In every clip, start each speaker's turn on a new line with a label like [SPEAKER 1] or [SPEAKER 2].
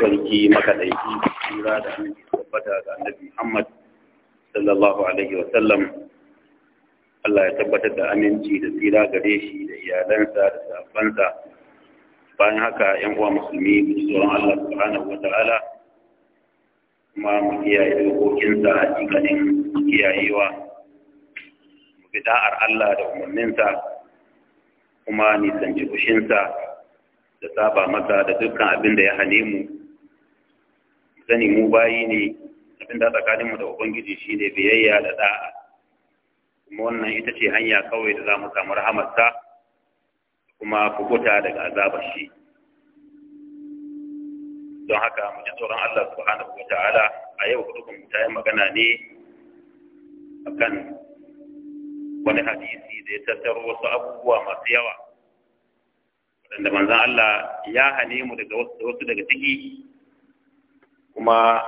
[SPEAKER 1] sarki makaɗaiki
[SPEAKER 2] tura da annabi tabbata ga annabi Muhammad sallallahu alaihi wa sallam Allah ya tabbatar da aminci da tsira gare shi da iyalansa da sabansa bayan haka yan uwa musulmi mu tsoron Allah subhanahu wa ta'ala kuma mu kiyaye dokokinsa hakikanin kiyayewa mu bi da'ar Allah da umarninsa kuma nisanci kushinsa da saba masa da dukkan abin da ya hane mu sani mu bayi ne abin da tsakaninmu da ubangiji shine biyayya da da'a kuma wannan ita ce hanya kawai da za mu samu rahamarsa kuma kubuta daga azabar shi don haka mu ji tsoron Allah subhanahu wa ta'ala a yau kuma mu ta yi magana ne akan wani hadisi da ya tattaro wasu abubuwa masu yawa waɗanda manzan Allah ya hane mu daga wasu daga ciki kuma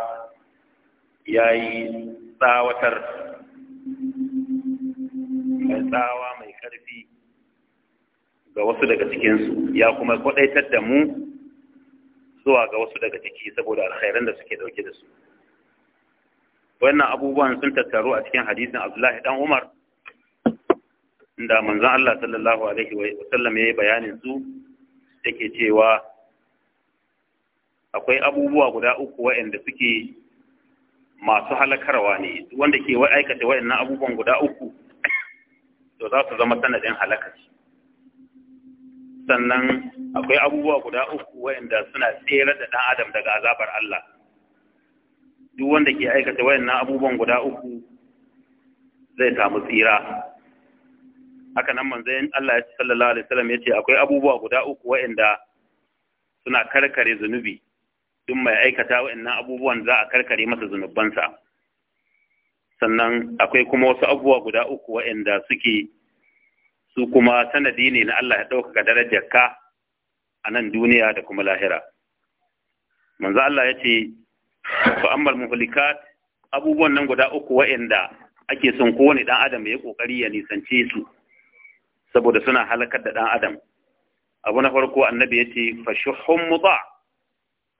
[SPEAKER 2] ya yi tsawatar
[SPEAKER 1] mai tsawa
[SPEAKER 2] mai ƙarfi ga wasu daga cikinsu ya kuma kwaɗaitar da mu zuwa ga wasu daga ciki saboda alkhairan da suke ɗauke da su wannan abubuwan sun tattaru a cikin hadisin abdullahi ɗan umar inda manzon Allah sallallahu alaihi wa sallam yayi bayanin su yake cewa akwai abubuwa guda uku waɗanda suke masu halakarwa ne wanda ke aikata waɗannan abubuwan guda uku to za su zama sanadin halakaci sannan akwai abubuwa guda uku waɗanda suna tsere da ɗan adam daga azabar Allah duk wanda ke aikata waɗannan abubuwan guda uku zai samu tsira haka nan manzon Allah sallallahu alaihi wasallam yace akwai abubuwa guda uku waɗanda suna karkare zunubi duk mai aikata waɗannan abubuwan za a karkare masa zunubansa sannan akwai kuma wasu abubuwa guda uku waɗanda suke su kuma sanadi ne na Allah ya ɗaukaka darajar ka a nan duniya da kuma lahira manzo Allah ya ce fa ammal muhlikat abubuwan nan guda uku waɗanda ake son kowane ɗan adam ya ƙoƙari ya nisanci su saboda suna halakar da ɗan adam abu na farko annabi ya ce fashuhun mutsa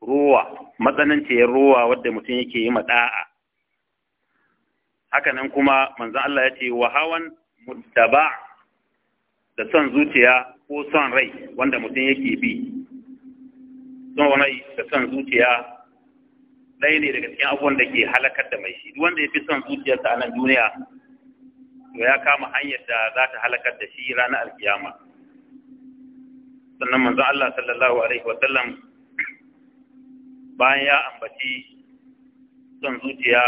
[SPEAKER 2] ruwa matsananciyar ruwa wadda mutum yake yi maɗa'a hakanan kuma manzan Allah ya ce wa hawan muttaba da son zuciya ko son rai wanda mutum yake bi son rai da son zuciya ɗaya ne daga cikin abubuwan da ke halakar da mai shi wanda ya fi son zuciyarsa a nan duniya to ya kama hanyar da za ta halakar da shi ranar alkiyama sannan manzo Allah sallallahu alaihi wasallam bayan ya ambaci son zuciya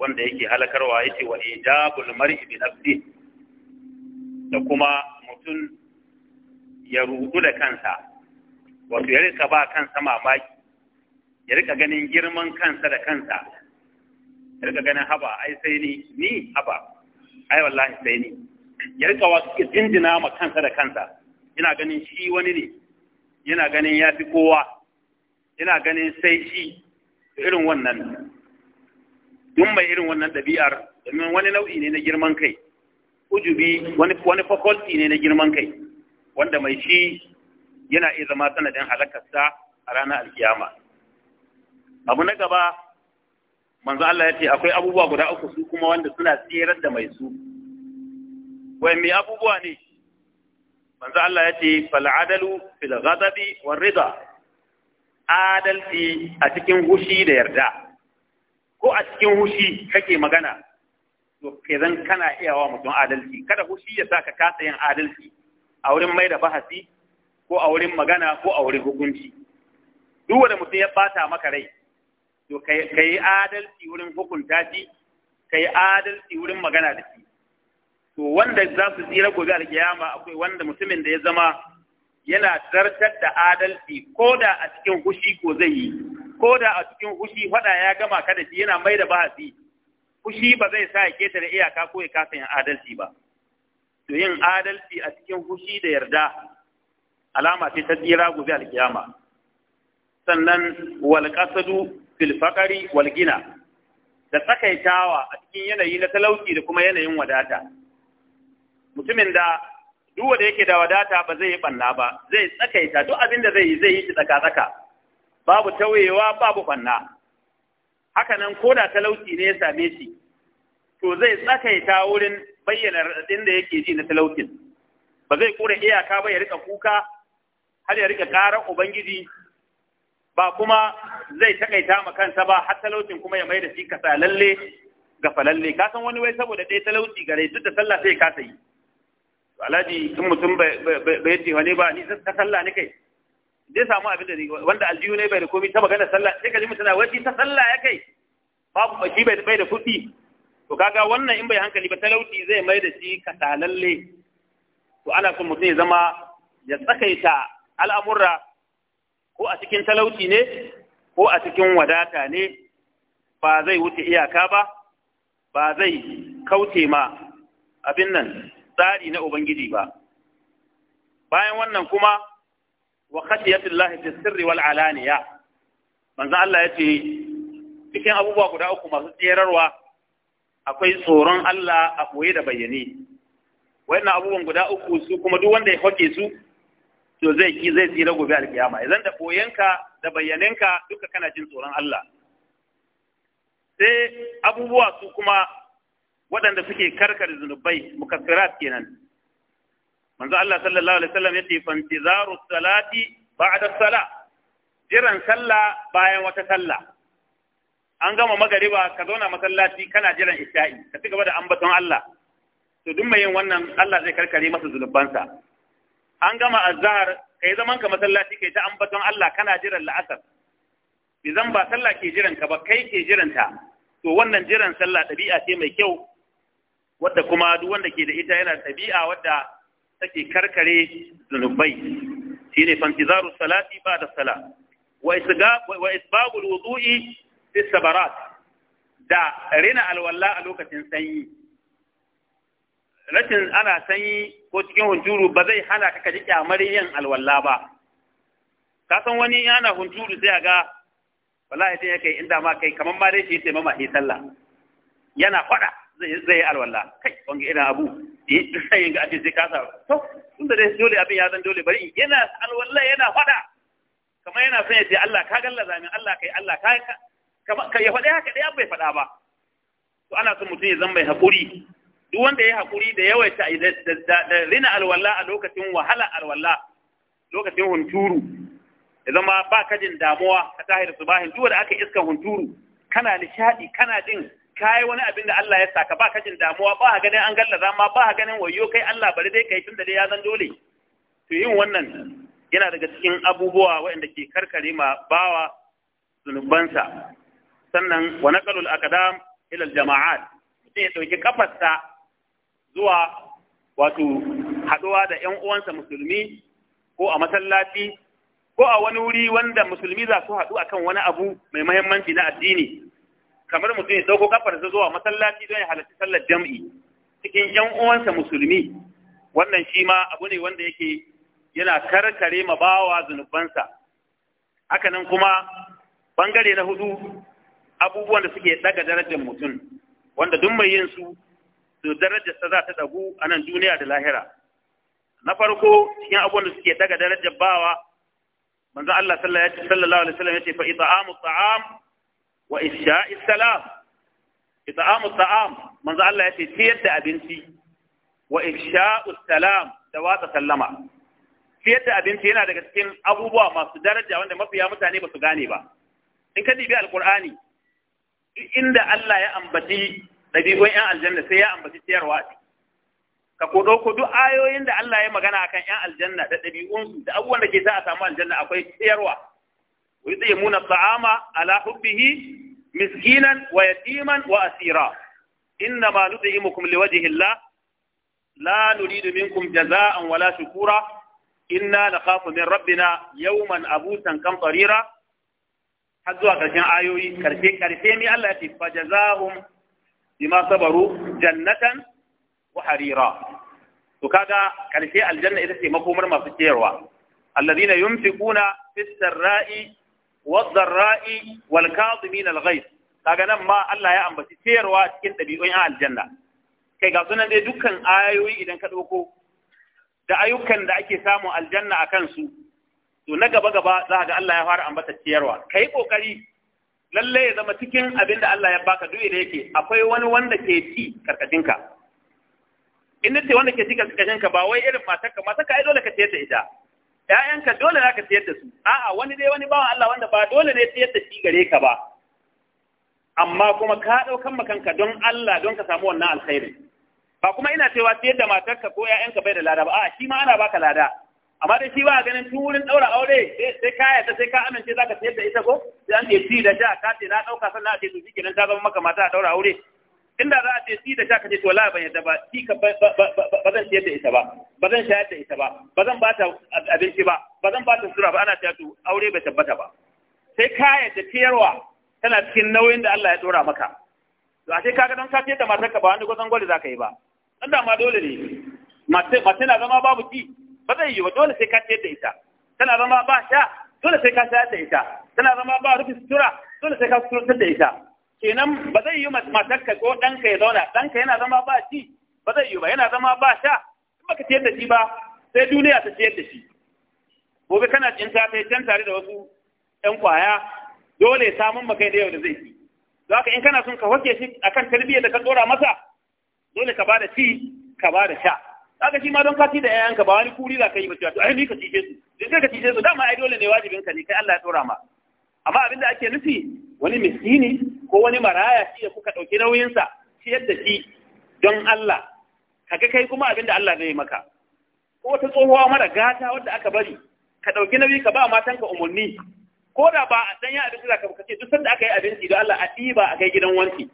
[SPEAKER 2] wanda yake halakarwa yace wa ijabul mar'i bi nafsi da kuma mutum ya rudu da kansa wato ya rika ba kansa mamaki ya rika ganin girman kansa da kansa ya rika ganin haba ai sai ni ni haba ai wallahi sai ne ya rika wasu ke jinjina ma kansa da kansa ina ganin shi wani ne yana ganin ya fi kowa ina ganin sai shi irin wannan duk mai irin wannan ɗabi'ar domin wani nau'i ne na girman kai ujubi wani wani faculty ne na girman kai wanda mai shi yana iya zama sanadin halakarsa a ranar alkiyama abu na gaba manzo Allah ya ce akwai abubuwa guda uku su kuma wanda suna tsirar da mai su wai me abubuwa ne manzo Allah ya ce fal adalu fil ghadabi war rida adalci a cikin hushi da yarda ko a cikin hushi kake magana to zan kana iya wa mutum adalci kada hushi ya saka kasa yin adalci a wurin mai da bahasi ko a wurin magana ko a wurin hukunci duk wanda mutum ya bata maka rai to ka adalci wurin hukunta shi ka adalci wurin magana da shi to wanda za su tsira gobe alkiyama akwai wanda mutumin da ya zama yana zartar da adalci ko da a cikin hushi ko zai yi ko da a cikin hushi fada ya gama kada shi yana mai da bahasi hushi ba zai sa ya ketare iyaka ko ya kasa yin adalci ba to yin adalci a cikin hushi da yarda alama ce ta tsira gobe alkiyama sannan wal fil Walgina da tsakaitawa a cikin yanayi na talauci da kuma yanayin wadata mutumin da duk wanda yake da wadata ba zai yi banna ba zai tsakaita duk abin da zai yi zai yi shi tsaka tsaka babu tauyewa babu banna haka nan koda talauci ne ya same shi to zai tsakaita wurin bayyana raɗaɗin da yake ji na talaucin ba zai kura iyaka ba ya rika kuka har ya rika ƙarar ubangiji ba kuma zai takaita ma kansa ba har talaucin kuma ya mai da shi lalle ga falalle ka san wani wai saboda ɗaya talauci gare duk da sallah sai ka sayi alhaji in mutum bai ce wani ba ni ta sallah ne kai zai samu abin da wanda aljihu ne bai da komai ta magana sallah sai ka ji mutum na wai ta sallah ya kai babu baki bai da kuɗi to kaga wannan in bai hankali ba talauci zai mai da shi lalle. to ana son mutum ya zama ya tsakaita al'amurra ko a cikin talauci ne ko a cikin wadata ne ba zai wuce iyaka ba ba zai kauce ma abin nan tsari na ubangiji ba bayan wannan kuma wa khashiyatullahi fi sirri wal alaniya manzo Allah yace cikin abubuwa guda uku masu tserarwa akwai tsoron Allah a koyi da bayyane wayannan abubuwan guda uku su kuma duk wanda ya hoke su to zai ki zai tsira gobe alkiyama idan da boyenka da bayyanenka duka kana jin tsoron Allah sai abubuwa su kuma waɗanda suke karkar zunubai mukaffirat kenan manzo Allah sallallahu alaihi wasallam yace fantizaru salati ba'da salah jiran salla bayan wata salla. an gama magariba ka zauna masallaci kana jiran isha'i ka ci gaba da ambaton Allah to duk mai yin wannan Allah zai karkare masa zunubansa an gama azhar kai zaman ka masallaci kai ta ambaton Allah kana jiran la'asar idan ba sallah ke jiran ka ba kai ke jiranta to wannan jiran sallah ɗabi'a ce mai kyau wadda kuma duk wanda ke da ita yana ɗabi'a wadda take karkare zunubai shine fantizaru salati ba da sala wa isbagul wudu'i fi sabarat da rina alwala a lokacin sanyi rashin ana sanyi ko cikin hunturu ba zai hana ka kaji kyamar yin alwala ba ka san wani yana hunturu sai ga wallahi sai yake inda ma kai kamar ma dai shi sai mama sai sallah yana fada zai zai alwala kai wanga irin abu eh, sai ga aje sai sa to tunda dai dole abin ya zan dole bari yana alwala yana fada kamar yana son ya ce Allah ka gallaza min Allah kai Allah ka ka ya fada haka dai bai faɗa ba to ana son mutum ya zama mai haƙuri duk wanda ya hakuri da yawaita da rina alwala a lokacin wahala alwala lokacin hunturu ya zama ba ka jin damuwa a tahir subahin duk da aka iska hunturu kana nishadi kana jin kai wani abin da Allah ya saka ba ka jin damuwa ba ka ganin an gallaza ma ba ka ganin wayo kai Allah bari dai kai tunda dai ya zan dole to yin wannan yana daga cikin abubuwa waɗanda ke karkare ma bawa zunubansa sannan wa naqalul aqdam ila al jama'at mutum ya dauki kafarsa zuwa wato haɗuwa da ‘yan uwansa musulmi ko a masallaci ko a wani wuri wanda musulmi za su haɗu akan wani abu mai mahimmanci na addini kamar mutum ya dauko kafar kafarsa zuwa masallaci don ya halarci sallar jam'i cikin ‘yan uwansa musulmi wannan shi ma abu ne wanda yake yana karkare ma bawa zunubansa haka nan kuma bangare na hudu abubuwan da suke daga darajar mutum wanda duk mai yin su to darajarsa za ta ɗagu a nan duniya da lahira na farko cikin abubuwan da suke daga darajar bawa manzo Allah sallallahu alaihi wasallam yace fa it'amu ta'am wa isha'i salam it'amu ta'am manzo Allah yace tiyar da abinci wa isha'u salam da watsa sallama Tiyar da abinci yana daga cikin abubuwa masu daraja wanda mafiya mutane ba su gane ba in ka dibi alqur'ani inda Allah ya ambaci ɗabi'un ‘yan aljanna sai ya ambaci ciyarwa ka ko ɗauko duk ayoyin da Allah ya magana kan ‘yan aljanna da ɗabi'un da abubuwan da ke sa a samu aljanna akwai ciyarwa wa yutsimuna ta'ama ala hubbihi miskinan wa yatiman wa asira inna ma nut'imukum liwajhi Allah la nuridu minkum jaza'an wala shukura inna nakhafu min rabbina yawman abusan kam qarira har zuwa ƙarshen ayoyi ƙarshe ƙarshe ni Allah ya ce fa jazahum bima sabaru jannatan waharira. harira to kaga karshe aljanna ita ce makomar masu ciyarwa alladhina yunfiquna fis ra'i, wad dharra'i wal kadhimin al ghayz kaga nan ma Allah ya ambaci ciyarwa cikin dabi'un aljanna kai ga sunan dai dukkan ayoyi idan ka ɗauko? da ayyukan da ake samu aljanna a kansu? to na gaba gaba za ga Allah ya fara ambata ciyarwa kai ƙoƙari. lalle ya zama cikin abin da Allah ya baka duk da yake akwai wani wanda ke ci karkashin ka in ce wanda ke ci karkashin ka ba wai irin matarka. Matarka, ai dole ka ciyar da ita ƴaƴanka dole za ka ciyar da su a'a wani dai wani bawan Allah wanda ba dole ne ciyar da shi gare ka ba amma kuma ka ɗaukan makanka don Allah don ka samu wannan alkhairi ba kuma ina cewa ciyar da matarka ko ƴaƴanka bai da lada ba a'a shi ma ana baka lada amma dai shi ba ganin tun wurin ɗaura aure sai ka yarda sai ka amince za ka sayar da ita ko sai an ce ci da sha ka ce na ɗauka sannan a ce to kenan ta zama maka mata a ɗaura aure inda za a ce ci da sha ka ce to la ban yarda ba ci ka ba zan sayar da ita ba ba zan shayar da ita ba ba zan ba ta abinci ba ba zan ba ta sura ba ana cewa to aure bai tabbata ba sai ka yarda ciyarwa tana cikin nauyin da Allah ya ɗora maka to ashe kaga dan ka ce da matarka ba wani gwazon gwali za ka yi ba dan da ma dole ne mace na zama babu ci ba zai yi ba dole sai ka ciyar da ita tana zama ba sha dole sai ka sayar da ita tana zama ba rufe sutura dole sai ka sutura da ita kenan ba zai yi ka ko ka ya zauna ka yana zama ba ci ba zai yi ba yana zama ba sha in baka ciyar da shi ba sai duniya ta ciyar da shi gobe kana jin ta can tare da wasu ƴan kwaya dole samun maka da yau da zai ci don haka in kana son ka wake shi akan tarbiyyar da ka dora masa dole ka ba da ci ka ba da sha kaga shi ma don ka ci da yayanka ba wani kuri za ka yi ba cewa to ai ni ka cije su din ka cije su dama ai dole ne wajibin ka ne kai Allah ya tsora ma amma abinda ake nufi wani miskini ko wani maraya shi da kuka dauki nauyin sa shi yadda shi don Allah kaga kai kuma abinda Allah zai maka ko wata tsohuwa mara gata wadda aka bari ka dauki nauyi ka ba ka umurni ko da ba dan ya abinci zaka ka ce duk sanda aka yi abinci don Allah a diba a gidan wanki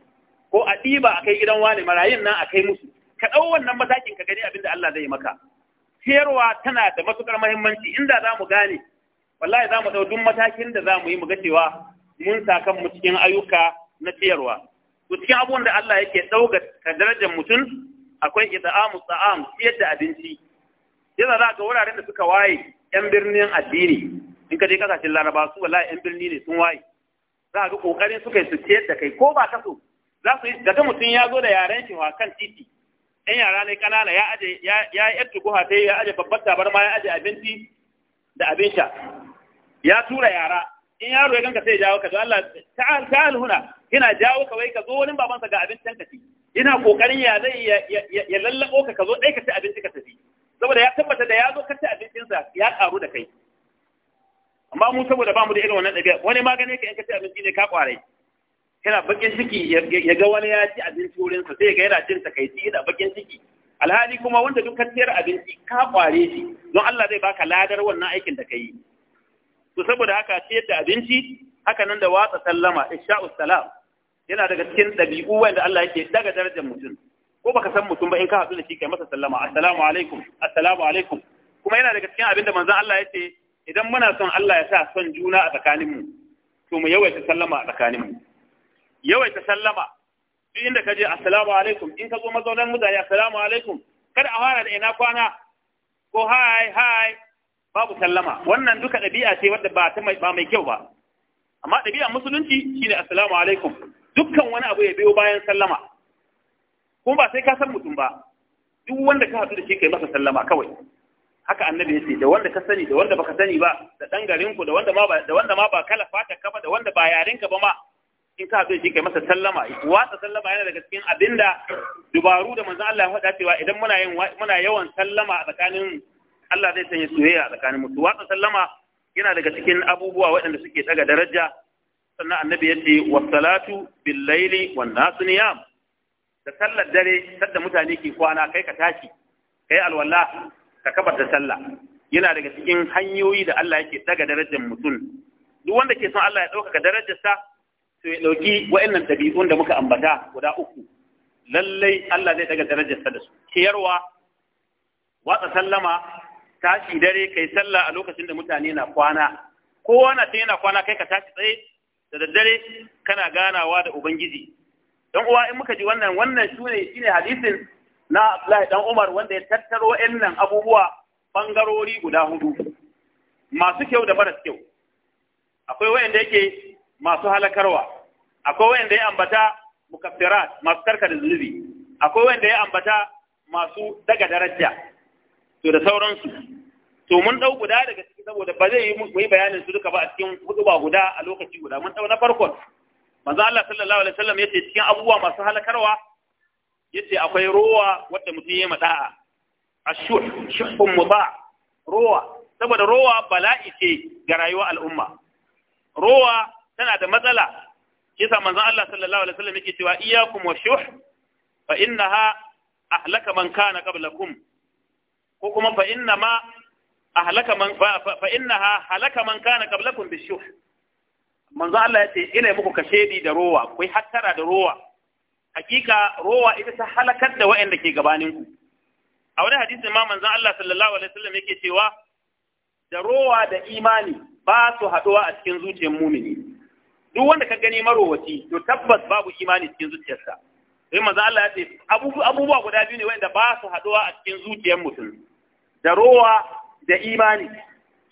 [SPEAKER 2] ko a diba a kai gidan wani marayin nan a kai musu ka ɗau wannan matakin ka gani abin da Allah zai maka siyarwa tana da matukar muhimmanci inda za mu gane wallahi za mu ɗau duk matakin da za mu yi mu ga cewa mun sa kanmu cikin ayyuka na ciyarwa to cikin abubuwan da Allah yake ɗauka darajar mutum akwai ita'amu tsa'am siyar da abinci Yanzu za ga wuraren da suka waye yan birnin addini in ka je kasashen laraba su wallahi yan birni ne sun waye za ga kokarin suka yi su ciyar da kai ko ba ka so? za su yi mutum ya zo da yaren shi wa kan titi ɗan yara ne ƙanana ya aje ya yi yadda guha ta ya aje babbar tabarma ya aje abinci da abin sha ya tura yara in yaro ya ganka sai jawo ka zo Allah ta'al ta'al huna ina jawo ka wai ka zo wani babansa ga abincin ka ci ina kokarin ya zai ya lallabo ka ka zo dai ka ci abinci ka tafi saboda ya tabbata da ya zo ka ci abincinsa ya karu da kai amma mu saboda ba mu da irin wannan ɗabi'a wani magani ka in ka ci abinci ne ka kwarai yana bakin ciki ya ga wani ya ci abinci wurinsa sai ga yana jin takaici yana bakin ciki alhali kuma wanda duk kacciyar abinci ka kware shi don Allah zai baka ladar wannan aikin da ka yi to saboda haka ciyar da abinci haka nan da watsa sallama isha'us salam yana daga cikin ɗabi'u wanda Allah yake daga darajar mutum ko baka san mutum ba in ka haɗu da shi kai masa sallama assalamu alaikum assalamu alaikum kuma yana daga cikin abin da manzon Allah yake idan muna son Allah ya sa son juna a tsakaninmu to mu yawaita sallama a tsakaninmu yawaita sallama duk inda ka je assalamu alaikum in ka zo mazaunan mutane assalamu alaikum kada a fara da ina kwana ko hai hai babu sallama wannan duka ɗabi'a ce wadda ba ta mai ba mai kyau ba amma ɗabi'a musulunci shine assalamu alaikum dukkan wani abu ya biyo bayan sallama kuma ba sai ka san mutum ba duk wanda ka haɗu da shi kai masa sallama kawai haka annabi ya ce da wanda ka sani da wanda baka sani ba da dan garin ku da wanda ma ba da wanda ma ba kala fata ka ba da wanda ba yarinka ba ma in ka so shi kai masa sallama watsa sallama yana daga cikin abinda dubaru da manzo Allah ya faɗa cewa idan muna yin muna yawan sallama a tsakanin Allah zai sanya soyayya a tsakanin mutu watsa sallama yana daga cikin abubuwa waɗanda suke daga daraja sannan annabi yace wassalatu bil laili wan nasu niyam da sallar dare sadda mutane ke kwana kai ka tashi kai alwala ka kabar da sallah yana daga cikin hanyoyi da Allah yake daga darajar mutum duk wanda ke son Allah ya ɗaukaka darajarsa to ya dauki wa'annan dabi'un da muka ambata guda uku lallai Allah zai daga darajar sa da su Kiyarwa watsa sallama tashi dare kai sallah a lokacin da mutane na kwana ko wani sai yana kwana kai ka tashi tsaye da daddare kana ganawa da ubangiji dan uwa in muka ji wannan wannan shine shine hadisin na Abdullahi dan Umar wanda ya tattaro wa'annan abubuwa bangarori guda hudu masu kyau da maras kyau akwai wa'anda yake masu halakarwa akwai wanda ya ambata mukaffirat masu karka da zunubi akwai wanda ya ambata masu daga daraja to da sauransu to mun dau guda daga ciki saboda ba zai yi mu bayanin su duka ba a cikin hudu ba guda a lokaci guda mun dau na farkon manzo Allah sallallahu alaihi wasallam yace cikin abubuwa masu halakarwa yace akwai rowa wanda mutum yayi mada'a ashur shuhum muba rowa saboda rowa bala'i ce ga rayuwar al'umma ruwa tana da matsala kisa manzon Allah sallallahu alaihi wasallam yake cewa iyyakum wa shuh fa innaha ahlaka man kana qablakum ko kuma fa inna ma ahlaka man fa innaha halaka man kana qablakum bi shuh manzon Allah yace ina muku kashedi da rowa kai hattara da rowa hakika rowa ita ta halakar da waɗanda ke gabaninku a wani hadisin ma manzon Allah sallallahu alaihi wasallam yake cewa da rowa da imani ba su haɗuwa a cikin zuciyar mumini duk wanda ka gani marowaci to tabbas babu imani cikin zuciyarsa sai manzo Allah ya ce abubuwa guda biyu ne wanda ba su haduwa a cikin zuciyar mutum da rowa da imani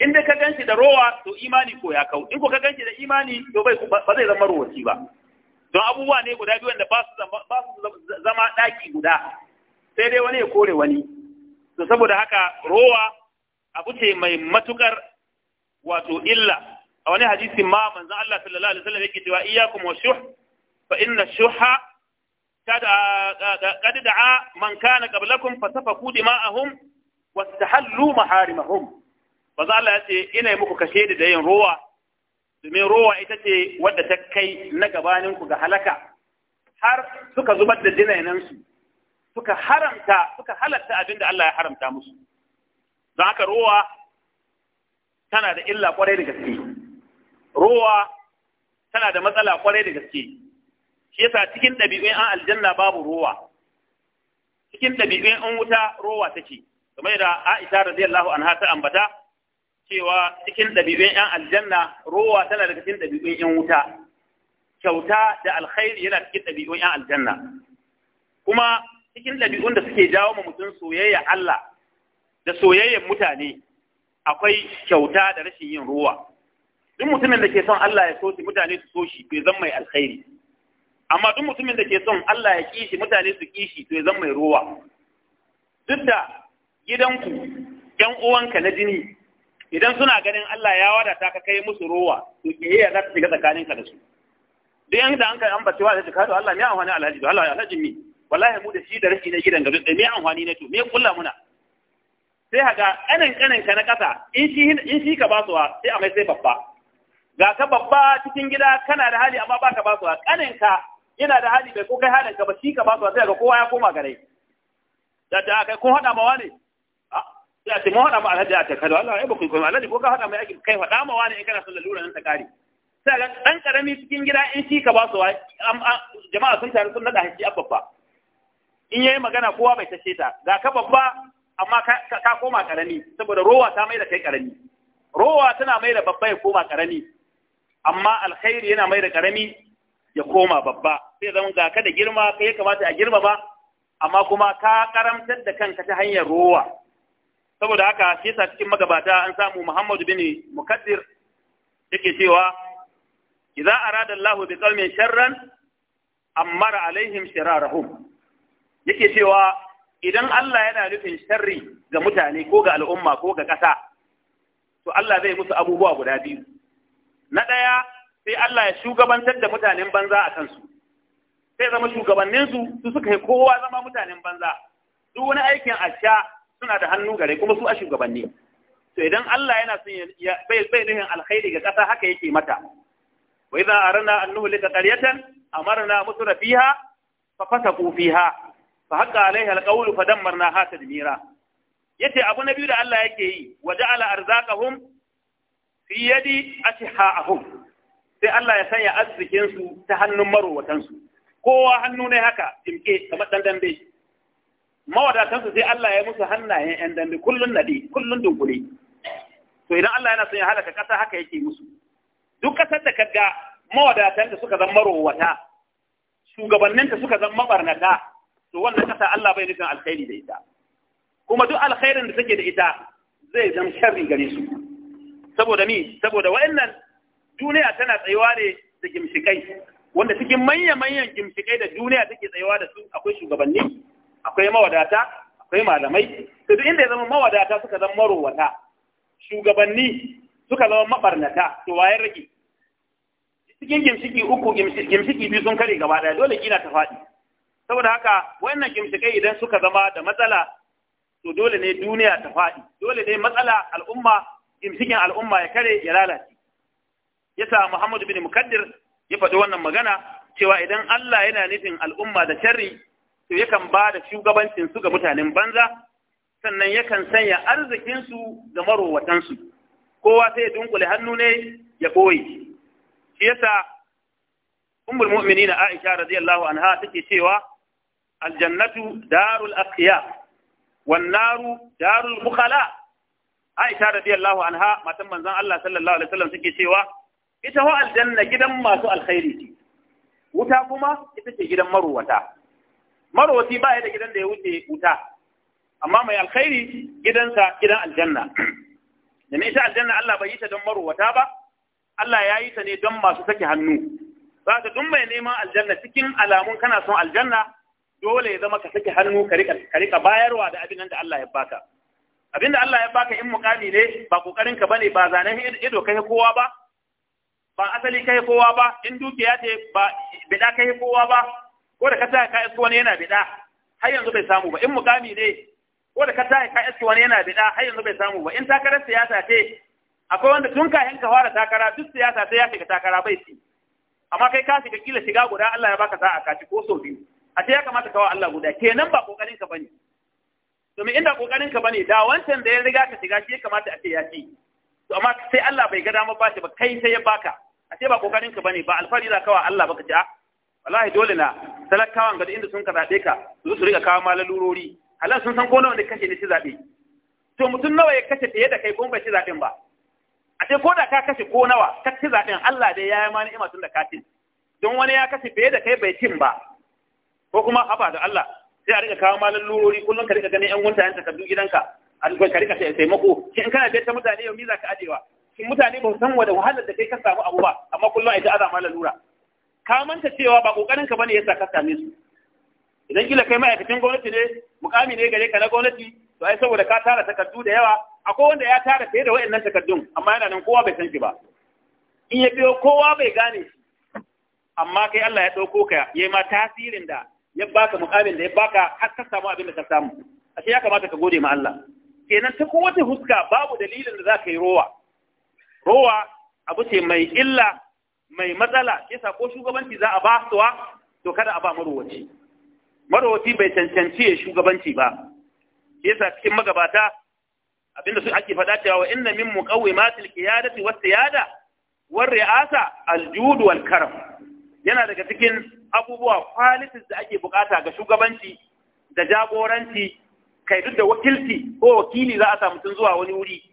[SPEAKER 2] in ka ganshi da rowa to imani ko ya kau in ko ka ganshi da imani to bai ba zai zama rowaci ba don abubuwa ne guda biyu wanda ba su zama daki guda sai dai wani ya kore wani to saboda haka rowa abu ce mai matukar wato illa a wani hadisin ma manzon Allah sallallahu alaihi wasallam yake cewa iyyakum wa shuh fa inna shuha qad da'a man kana qablakum fa safaku dima'ahum wastahallu maharimahum manzon Allah yace ina yi muku kashe da yin rowa domin rowa ita ce wadda ta kai na ku ga halaka har suka zubar da dinainansu suka haramta suka halatta abin da Allah ya haramta musu don haka rowa tana da illa kwarai da gaske rowa tana da matsala kwarai da gaske shi yasa cikin ɗabi'un an aljanna babu rowa cikin ɗabi'un an wuta rowa take kuma da Aisha radiyallahu anha ta ambata cewa cikin ɗabi'un an aljanna rowa tana da cikin ɗabi'un an wuta kyauta da alkhairi yana cikin ɗabi'un an aljanna kuma cikin ɗabi'un da suke jawo ma mutum soyayya Allah da soyayyar mutane akwai kyauta da rashin yin rowa duk mutumin da ke son Allah ya so shi mutane su so shi to ya mai alkhairi amma duk mutumin da ke son Allah ya ki shi mutane su ki shi to ya mai ruwa duk da gidanku ƴan uwanka na jini idan suna ganin Allah ya wadata ka kai musu ruwa to yaya za ta shiga tsakaninka da su duk yan da an kai ambace wa da ka to Allah ne amfani alhaji to Allah ya alhaji ni wallahi mu da shi da rashi na gidan duk me amfani ne to me kullu muna sai haka kanin kanin ka na kasa in shi in shi ka basuwa sai a mai sai babba ga ka babba cikin gida kana da hali amma baka ba su kaninka yana da hali bai ko kai halin ka ba shi ka ba su sai ga kowa ya koma gare da da kai kun hada ma wani ya ce mun hada ma alhaji a ta kada Allah ya baku kuma alhaji ko ka hada mai aiki kai hada ma wani in kana son lalura nan ta kare sai ga dan karami cikin gida in shi ka ba su jama'a sun taru sun nada shi babba in yayi magana kowa bai tashe ta ga ka babba amma ka koma karami saboda rowa ta mai da kai karami rowa tana mai da babba ya koma karami amma alkhairi yana mai da karami ya koma babba sai zama ga ka da girma kai ya kamata a girmama amma kuma ka karamtar da kanka ta hanyar rowa saboda haka shi yasa cikin magabata an samu Muhammadu bin Mukaddir yake cewa idza arada Allah bi qaumin sharran amara alaihim shirarahum yake cewa idan Allah yana nufin sharri ga mutane ko ga al'umma ko ga ƙasa to Allah zai musu abubuwa guda biyu na ɗaya sai Allah ya shugabantar da mutanen banza a kansu sai zama shugabanninsu su suka yi kowa zama mutanen banza duk wani aikin asha suna da hannu gare kuma su a shugabanni to idan Allah yana son ya bai bai nihin alkhairi ga ƙasa haka yake mata wa idza arana an nuhlika qaryatan amarna mutra fiha fa fasaqu fiha fa haqa alaiha alqawlu fa dammarnaha tadmira yace abu na biyu da Allah yake yi wa ja'ala arzaqahum fi yadi ashihahum sai Allah ya sanya arzikin su ta hannun marowatan su kowa hannu ne haka imke kamar dan dambe mawadatan su sai Allah ya musu hannayen yan dambe kullun nadi kullun dunkule to idan Allah yana son ya halaka kasa haka yake musu duk kasar da kaga mawadatan da suka zama marowata shugabannin ta suka zama mabarnata to wannan kasa Allah bai nufin alkhairi da ita kuma duk alkhairin da take da ita zai zama sharri gare su saboda ni saboda wa'annan duniya tana tsayuwa ne da gimshikai wanda cikin manya-manyan gimshikai da duniya take tsayuwa da su akwai shugabanni akwai mawadata akwai malamai to duk inda ya zama mawadata suka zama marowata shugabanni suka zama mabarnata to waye rage cikin gimshiki uku gimshiki biyu sun kare gaba daya dole kina ta faɗi saboda haka wannan gimshikai idan suka zama da matsala to dole ne duniya ta faɗi dole ne matsala al'umma imsikin al'umma ya kare ya lalace yasa Muhammadu bin Mukaddir ya faɗi wannan magana cewa idan Allah yana nufin al'umma da sharri to yakan ba da shugabancin su ga mutanen banza sannan yakan sanya arzikinsu da ga kowa sai ya dunkule hannu ne ya ɓoye. shi yasa ummul mu'minin Aisha radiyallahu anha take cewa aljannatu darul Asiya wan naru darul bukhala Aisha radiyallahu anha matan manzon Allah sallallahu alaihi wasallam suke cewa ita wa aljanna gidan masu alkhairi ce wuta kuma ita ce gidan marowata marowati ba ya da gidan da ya wuce wuta amma mai alkhairi gidansa gidan aljanna da ita aljanna Allah bai yi ta don marowata ba Allah ya yi ta ne don masu sake hannu za ka duk mai neman aljanna cikin alamun kana son aljanna dole ya zama ka sake hannu ka rika bayarwa da abin da Allah ya baka abinda Allah ya baka in mukami ne ba kokarin ka bane ba zanen ido kai kowa ba ba asali kai kowa ba in dukiya ce ba bida kai kowa ba ko da ka ta ka isko wani yana bida har yanzu bai samu ba in mukami ne ko da ka ta ka isko wani yana bida har yanzu bai samu ba in takarar siyasa ce akwai wanda tun kafin ka fara takara duk siyasa sai ya shiga takara bai ci amma kai ka shiga kila shiga guda Allah ya baka sa'a ka ci ko sau biyu a ce ya kamata ka wa Allah guda kenan ba kokarin ka bane domin inda kokarin ka bane da wancan da ya riga ka shiga shi ya kamata a ce ya ci to amma sai Allah bai ga dama ba shi ba kai sai ya baka a ce ba kokarin ka bane ba alfari za kawa Allah baka ci a wallahi dole na talakawan ga inda sun ka zabe ka su su riga kawo malalurori halal sun san ko nawa ne kashe ne ci zabe to mutum nawa ya kashe fiye da kai kuma bai ci zaben ba a ce ko da ka kashe ko nawa ka ci zaben Allah dai ya yi ma ni'ima tun da ka ci don wani ya kashe fiye da kai bai cin ba ko kuma haba da Allah sai a rika kawo ma lurori kullum ka rika ganin yan gunta yan takardu gidanka a rika ka rika taimako shi in kana ta mutane yau miza ka adewa shi mutane ba san wani wahalar da kai ka samu abu ba amma kullum a ita aza ma lalura ka manta cewa ba kokarin ka bane yasa ka same su idan kila kai ma'aikacin gwamnati ne mukami ne gare ka na gwamnati to ai saboda ka tara takardu da yawa akwai wanda ya tara fiye da wayannan takardun amma yana nan kowa bai san shi ba in ya biyo kowa bai gane shi amma kai Allah ya ɗauko ka yayi ma tasirin da ya baka mukamin da ya baka har ka samu abin da ka samu ashe ya kamata ka gode ma Allah kenan ta kowace huska babu dalilin da za ka yi rowa rowa abu ce mai illa mai matsala yasa ko shugabanci za a ba suwa to kada a ba marowaci marowaci bai cancanci ya shugabanci ba sa cikin magabata abinda su ake faɗa cewa wa inna min muqawwimatil qiyadati was siyada war ri'asa al judu wal karam yana daga cikin abubuwa qualities da ake bukata ga shugabanci da jagoranci kai duk da wakilci ko wakili za a samu tun zuwa wani wuri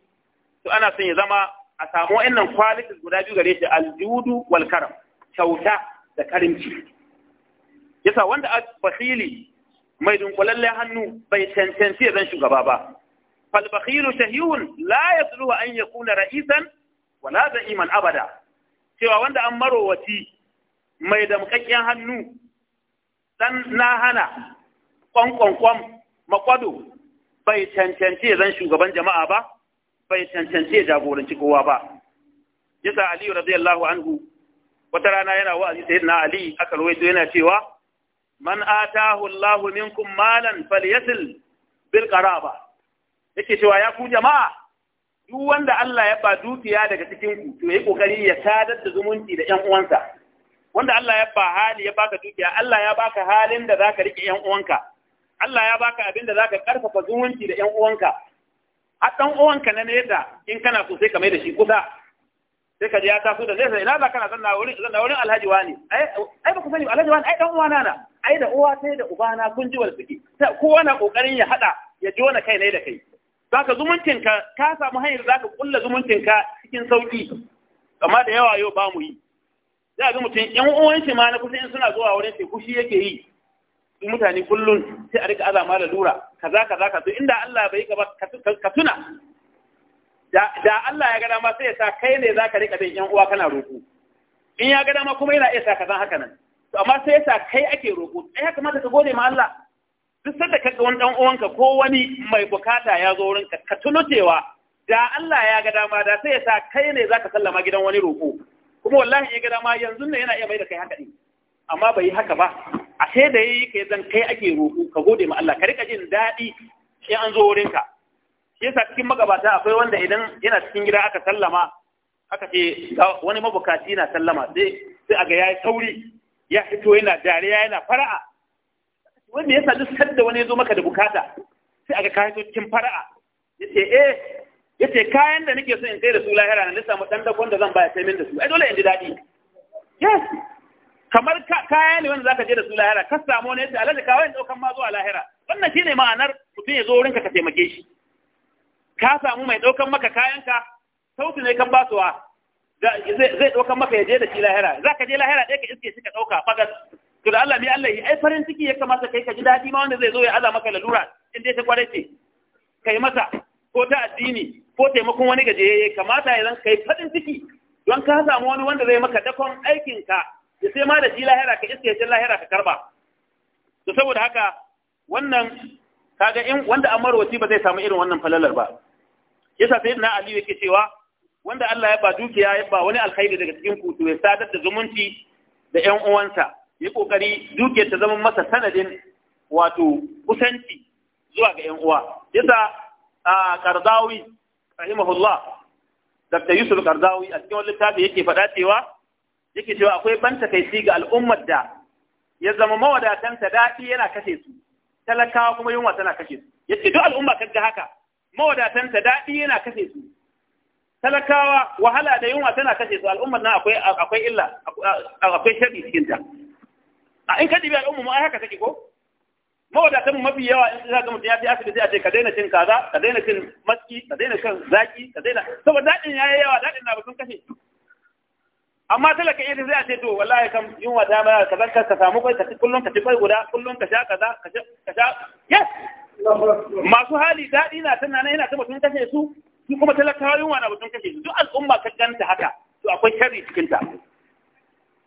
[SPEAKER 2] to ana son ya zama a samu wa'annan qualities guda biyu gare shi aljudu wal karam kyauta da karimci yasa wanda a basili mai dunkulallen hannu bai cancanci ya zan shugaba ba fal bakhilu shahiyun la yasluhu an yakuna ra'isan wala za'iman abada cewa wanda an marowaci mai damƙaƙƙen hannu ɗan na hana ƙwanƙwanƙwan makwado bai cancanci ya zan shugaban jama'a ba bai cancanci ya jagoranci kowa ba yasa aliyu radiyallahu anhu wata rana yana wa'azi sayyidina ali aka rawaito yana cewa man atahu allah minkum malan falyasil bil qaraba yake cewa ya ku jama'a duk wanda Allah ya ba dukiya daga cikin ku to yayi kokari ya sadar da zumunci da ƴan uwansa wanda Allah ya ba hali ya baka dukiya Allah ya baka halin da zaka rike yan uwanka Allah ya baka abin da zaka karfafa zumunci da yan uwanka a dan uwanka na nesa in kana so sai ka mai da shi kusa sai ka ji ya taso da nesa ina za kana zan na wurin zan na wurin Alhaji wani ai ai ba ku sani Alhaji wani ai dan uwana na ai da uwa sai da uba na kun ji wal suke kowa na kokarin ya hada ya ji wani kai ne da kai zaka zumuncin ka ka samu hanyar zaka kulla zumuncin ka cikin sauki amma da yawa yau ba mu yi za ga mutum yan uwan ma na kusa in suna zuwa wurin shi kushi yake yi in mutane kullum sai a rika azama da lura kaza kaza ka zo inda Allah bai ka ba ka tuna da Allah ya ga dama sai ya sa kai ne zaka rika bin yan uwa kana roƙo in ya ga dama kuma yana iya sa kaza haka nan to amma sai ya sa kai ake roƙo ai ya kamata ka gode ma Allah duk sanda ka ga wani dan uwanka ko wani mai bukata ya zo wurin ka tuno cewa da Allah ya ga dama da sai ya sa kai ne zaka sallama gidan wani roƙo kuma wallahi ya gada ma yanzu ne yana iya mai da kai haka ne, amma bai yi haka ba a sai da yayi kai zan kai ake roƙo ka gode ma Allah ka rika jin daɗi sai an zo wurinka. ka shi yasa cikin magabata akwai wanda idan yana cikin gida aka sallama aka ce wani mabukaci na sallama sai sai aga yayi sauri ya fito yana dariya yana fara'a wanda ya duk da wani ya zo maka da bukata sai aga ka fito cikin fara'a yace eh yace kayan da nake so in kai da su lahira na samu dan dakon da zan baya kai min da su ai dole in ji dadi yes kamar kaya ne wanda zaka je da su lahira ka samu ne, yace alaji kawai in daukan ma zuwa lahira wannan shine ma'anar mutum ya zo wurinka ka taimake shi ka samu mai daukan maka kayanka sautu ne kan basuwa zai daukan maka ya je da shi lahira zaka je lahira ɗaya ka iske shi ka dauka bagas to da Allah bi Allah ai farin ciki ya kamata kai ka ji dadi ma wanda zai zo ya aza maka lalura in dai ta kware ce kai masa ko ta addini ko taimakon wani ya kamata ya zan kai faɗin ciki don ka samu wani wanda zai maka dakon aikinka ya sai ma da shi lahira ka iske shi lahira ka karba to saboda haka wannan ga in wanda an marwaci ba zai samu irin wannan falalar ba yasa sai na Ali yake cewa wanda Allah ya ba dukiya ya ba wani alkhairi daga cikin ku to ya sadar da zumunci da ƴan uwansa yi kokari dukiyar ta zama masa sanadin wato kusanci zuwa ga ƴan uwa yasa Qardawi rahimahullah Dr. Yusuf Qardawi a cikin wani littafi yake faɗa cewa yake cewa akwai ban takaici ga al'ummar da ya zama mawadatanta ta daɗi yana kashe su talakawa kuma yunwa tana kashe su Ya yace duk al'umma kan ga haka Mawadatanta ta daɗi yana kashe su talakawa wahala da yunwa tana kashe su al'ummar nan akwai illa akwai sharri cikinta. a in ka dibi al'umma mu ai haka take ko mawadatan mafi yawa in za ga mutum ya fi asibiti a ce ka daina cin kaza ka daina cin maski ka daina cin zaki ka daina saboda daɗin ya yi yawa daɗin na sun kashe amma talaka yadda sai a ce to wallahi kam yunwa ta bayar ka zanka ka samu kai ka ci kullum ka ci kai guda kullum ka sha kaza ka sha yes masu hali daɗi na tana na, yana ta batun kashe su su kuma talakawa yunwa na batun kashe su duk al'umma ka ganta haka to akwai sharri cikin ta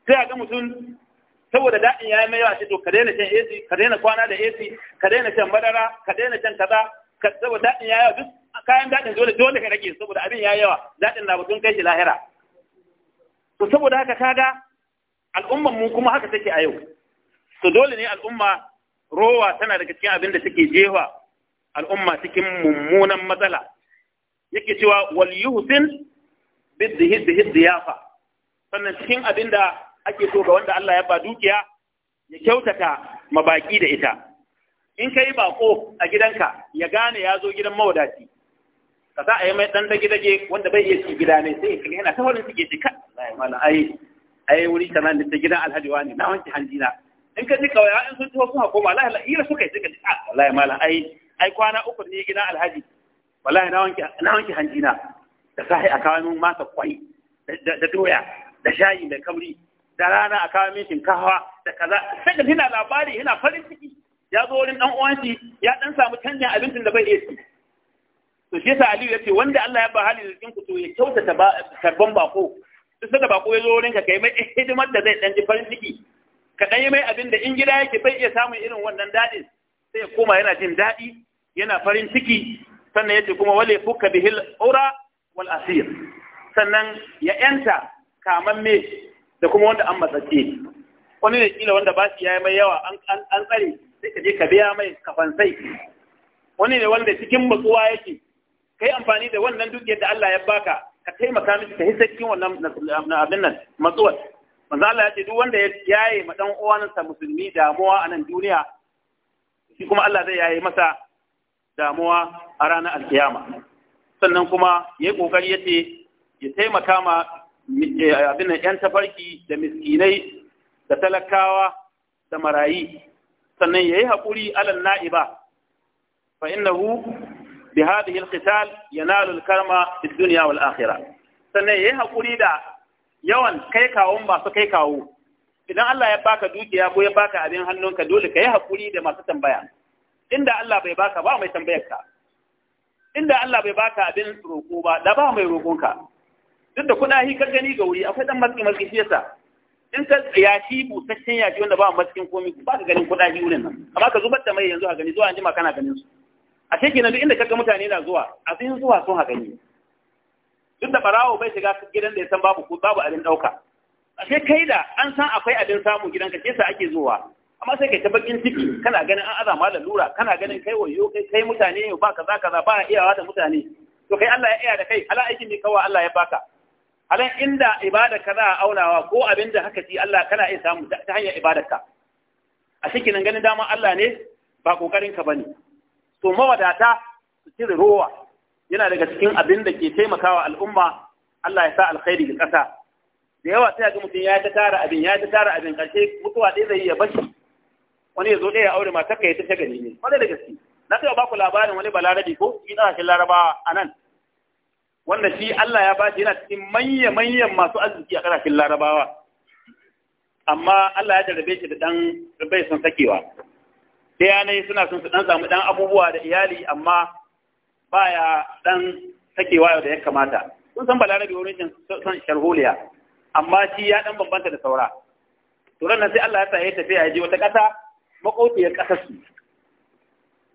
[SPEAKER 2] sai ga mutum saboda daɗin ya yi mai yawa to ka daina shan AC ka daina kwana da AC ka daina shan madara ka daina shan kaza saboda daɗin ya yawa duk kayan daɗin dole dole ka rage saboda abin ya yawa daɗin na batun kai shi lahira to saboda haka kaga al'umman mu kuma haka take a yau to dole ne al'umma rowa tana daga cikin abin da take jefa al'umma cikin mummunan matsala yake cewa wal yuhsin bidhi diyafa sannan cikin abin da ake so ga wanda Allah ya ba dukiya ya kyautata mabaki da ita in kai bako a gidanka ya gane ya zo gidan mawadaci ka za a yi mai dan dage dage wanda bai iya ci gida ne sai ka yana ta wani suke ci kan Allah mala ai ai wuri nan da ta gidan alhaji wani na wanke hanji na in ka ji kawai in sun ci sun hako wallahi la ila suka yi suka ji ah wallahi mala ai ai kwana uku ne gidan alhaji wallahi na wanke na wanke hanji na da sai a kawo min masa kwai da doya da shayi da kamri da rana a kawo min shinkafa da kaza sai da tina labari yana farin ciki ya zo wurin dan uwan shi ya dan samu canjin abincin da bai iya ci to shi yasa Aliyu yace wanda Allah ya ba hali rikin ku to ya kyautata karban bako duk sanda bako ya zo wurin ka kai mai hidimar da zai dan ji farin ciki ka dan yi mai abin da in gida yake bai iya samun irin wannan dadin sai ya koma yana jin daɗi yana farin ciki sannan yace kuma wale ka bihil ura wal asir sannan ya yanta me. da kuma wanda an matsatse wani ne kila wanda ba shi yi mai yawa an tsare sai ka je ka biya mai kafan sai. wani ne wanda cikin matsuwa yake kai amfani da wannan dukiyar da Allah ya baka ka taimaka miki ka hissa cikin wannan abin nan matsuwar manzo Allah ya ce duk wanda ya yaye ma dan uwansa musulmi damuwa a nan duniya shi kuma Allah zai yaye masa damuwa a ranar alkiyama sannan kuma ya yi kokari ya ce ya taimaka ma Eh, abin nan ‘yan tafarki da miskinai da talakawa da marayi, sannan ya yi haƙuri alal na'iba, fa innahu bi hadhihi al-qital yanalu al-karma fi dunya wal akhirah sannan yi haƙuri da yawan kai kawon masu kai kawo idan Allah ya baka dukiya ko ya baka abin hannunka dole ka yi haƙuri da masu tambaya inda Allah bai baka ba mai tambayar ka inda Allah bai baka abin roƙo ba da ba mai roƙonka duk da kuna hikar gani ga wuri akwai dan matsi matsi shi yasa in ka yashi busasshen yashi wanda ba matsin komi ba ka ganin kuɗa shi wurin nan amma ka zubar da mai yanzu a gani zuwa an jima kana ganin su a shi kenan duk inda kaga mutane na zuwa a sun zuwa sun haka ne duk da barawo bai shiga gidan da ya san babu babu abin ɗauka a sai kai da an san akwai abin samu gidan ka sa ake zuwa amma sai kai ta bakin ciki kana ganin an azama da lura kana ganin kai wayo kai kai mutane ba kaza kaza ba iyawa da mutane to kai Allah ya iya da kai ala aikin ne kawai Allah ya baka alan inda ibada ka za a aunawa ko abin da haka ci Allah kana iya samu ta hanyar ka. a cikin ganin dama Allah ne ba kokarin ka bane to mawadata su cire rowa yana daga cikin abin da ke taimakawa al'umma Allah ya sa alkhairi ga ƙasa da yawa sai ga mutum ya ta tara abin ya ta tara abin karshe mutuwa ɗaya zai ya bashi wani ya zo ɗaya aure matar ta kai ta shagali ne Wani da gaske na taɓa ba ku labarin wani balarabi ko yi ƙasashen larabawa a nan wanda shi Allah ya ba shi yana cikin manya-manyan masu arziki a ƙarafin larabawa amma Allah ya jarabe shi da ɗan bai son sakewa ɗaya suna son su ɗan samu ɗan abubuwa da iyali amma baya ɗan sakewa da ya kamata sun san balarabe wurin jin son sharholiya amma shi ya ɗan bambanta da saura to ran sai Allah ya sa ya tafiya ya je wata ƙasa maƙotiyar ƙasar su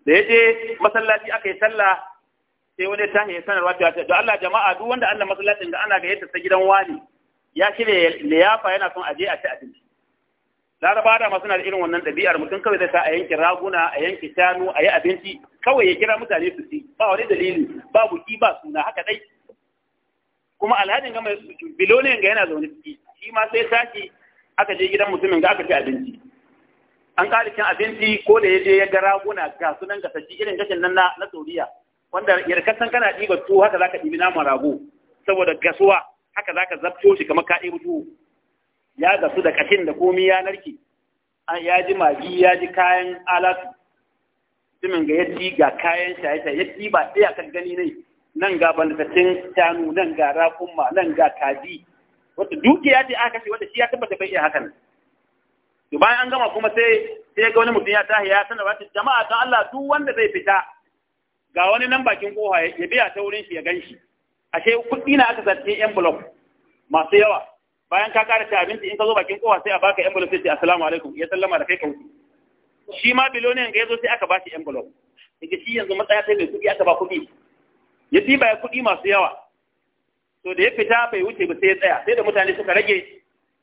[SPEAKER 2] da ya je masallaci aka yi sallah sai wani ta hanyar sanarwa ta ce, Allah jama'a duk wanda Allah masallacin da ana gayyata ta gidan wani ya shirya liyafa yana son aje a ci abinci. Laraba da masu na da irin wannan ɗabi'ar mutum kawai zai sa a yanke raguna, a yanke shanu, a yi abinci, kawai ya kira mutane su ci, ba wani dalili, ba buki, ba suna haka dai. Kuma alhajin gama biloniyan ga yana zaune ciki, shi ma sai sashi aka je gidan mutumin ga aka ci abinci. An ƙarashin abinci ko da ya je ya ga raguna ga sunan gasashi irin gashin nan na Saudiya. wanda yarkasan kana ɗiba tuwo haka zaka ɗibi naman rago saboda gasuwa haka zaka zabto shi kamar ka ɗibi tuwo ya gasu da kashin da komi ya narke ya ji magi ya ji kayan alatu mutumin ga yadda ga kayan shaye-shaye ya ɗiba ɗaya kan gani ne nan ga bandatattun shanu nan ga raƙumma nan ga kaji wata dukiya ce aka kashe wanda shi ya tabbata bai iya hakan to bayan an gama kuma sai sai ga wani mutum ya tahi ya sanar wa jama'a don Allah duk wanda zai fita ga wani nan bakin koha ya biya ta wurin shi ya gan shi ashe kuɗi na aka zarce envelope masu yawa bayan ka kara ci abinci in ka zo bakin kowa sai a baka envelope sai ce assalamu alaikum ya sallama da kai ka wuce shi ma biloniyan ga yazo sai aka ba bashi envelope Daga shi yanzu matsaya sai mai kuɗi aka ba kuɗi ya tiba ya kuɗi masu yawa to da ya fita bai wuce ba sai ya tsaya sai da mutane suka rage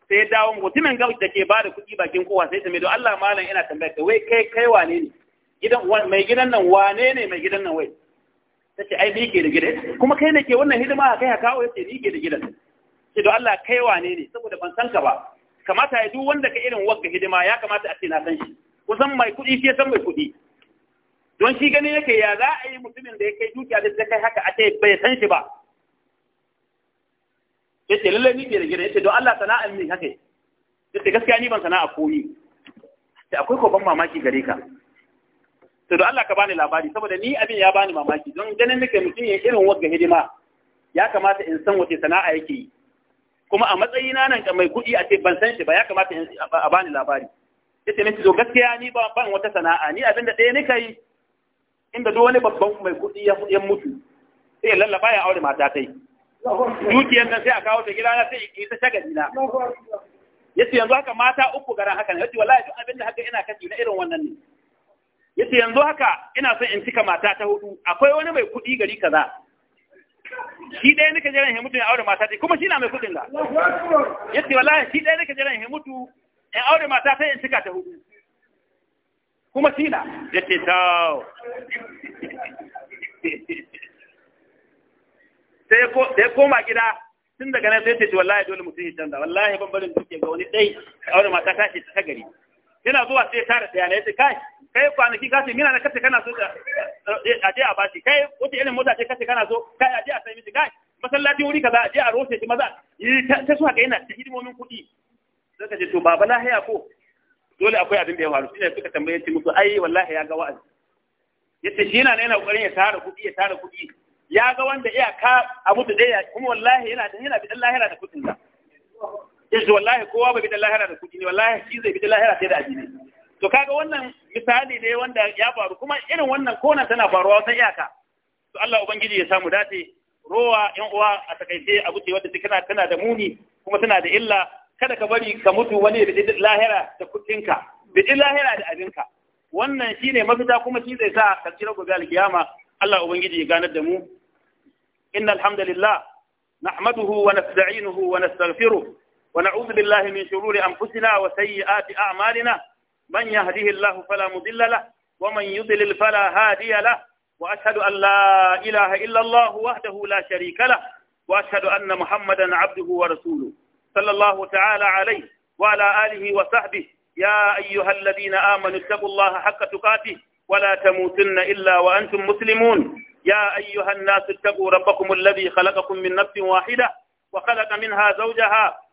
[SPEAKER 2] sai ya dawo mutumin ga da ke bada kuɗi bakin kowa sai ta mai don Allah malam ina tambaya ka kai kai wane ne gidan mai gidan nan wane ne mai gidan nan wai ce ai ni da gidan kuma kai ne ke wannan hidima a kai haka kawo yace ni da gidan ce don Allah kai wane ne saboda ban san ka ba kamata ya duk wanda ka irin wagga hidima ya kamata a ce na san shi kusan mai kuɗi shi ya san mai kuɗi don shi gani yake ya za a yi mutumin da ya kai dukiya da kai haka a ce bai san shi ba ce lalle ni ke da gidan ce don Allah sana'an ni haka ce gaskiya ni ban sana'a komi da akwai ko ban mamaki gare ka to da Allah ka bani labari saboda ni abin ya bani mamaki don ganin nake mutum ya irin wagga hidima ya kamata in san wace sana'a yake yi kuma a matsayina nan mai kuɗi a ce ban san shi ba ya kamata in a bani labari yace ne to gaskiya ni ba ban wata sana'a ni abin da ɗaya ni kai inda duk wani babban mai kuɗi ya mutu sai ya lallaba ya aure mata kai dukiyar nan sai a kawo ta gida na sai yi ta shagali na yace yanzu haka mata uku garan haka ne yace wallahi duk abin da haka ina kashi na irin wannan ne yace yanzu haka ina son in cika mata ta hudu akwai wani mai kuɗi gari kaza shi ɗaya nake jiran ya mutu ya aure mata ta kuma shi na mai kuɗin da yace wallahi shi ɗaya nake jiran ya mutu ya aure mata ta in cika ta hudu kuma shi na yace tawo sai ko sai koma gida tun daga nan sai yace wallahi dole mutum ya canza wallahi ban barin duke ga wani dai aure mata ta ce ta gari yana zuwa sai tara da yanayi kai kai kwanaki kace mina na kace kana so a je a bashi kai wata irin mota ce kace kana so kai a je a sai miji kai masallaci wuri kaza a je a roshe shi maza ta su haka yana hidimomin kuɗi sai ka to baba lahiya ko dole akwai abin da ya faru shine suka tambaye shi musu ai wallahi ya ga wa'azi yace shi yana yana kokarin ya tara kuɗi ya tara kuɗi ya ga wanda iya ka a mutu dai kuma wallahi yana da yana bidan lahira da kuɗin sa wallahi kowa bai bi lahira da kuɗi ne wallahi shi zai bi lahira sai da addini to kaga wannan misali ne wanda ya faru kuma irin wannan kona tana faruwa wasan iyaka to Allah ubangiji ya samu dace rowa yan uwa a takaice abu ce wanda tana tana da muni kuma tana da illa kada ka bari ka mutu wani bi lahira da kuɗinka bi lahira da abinka wannan shine mafita kuma shi zai sa ka tsira gobe alkiyama Allah ubangiji ya ganar da mu innal hamdalillah nahmaduhu wa nasta'inuhu ونعوذ بالله من شرور أنفسنا وسيئات أعمالنا من يهده الله فلا مضل له ومن يضلل فلا هادي له وأشهد أن لا إله إلا الله وحده لا شريك له وأشهد أن محمدا عبده ورسوله صلى الله تعالى عليه وعلى آله وصحبه يا أيها الذين آمنوا اتقوا الله حق تقاته ولا تموتن إلا وأنتم مسلمون يا أيها الناس اتقوا ربكم الذي خلقكم من نفس واحدة وخلق منها زوجها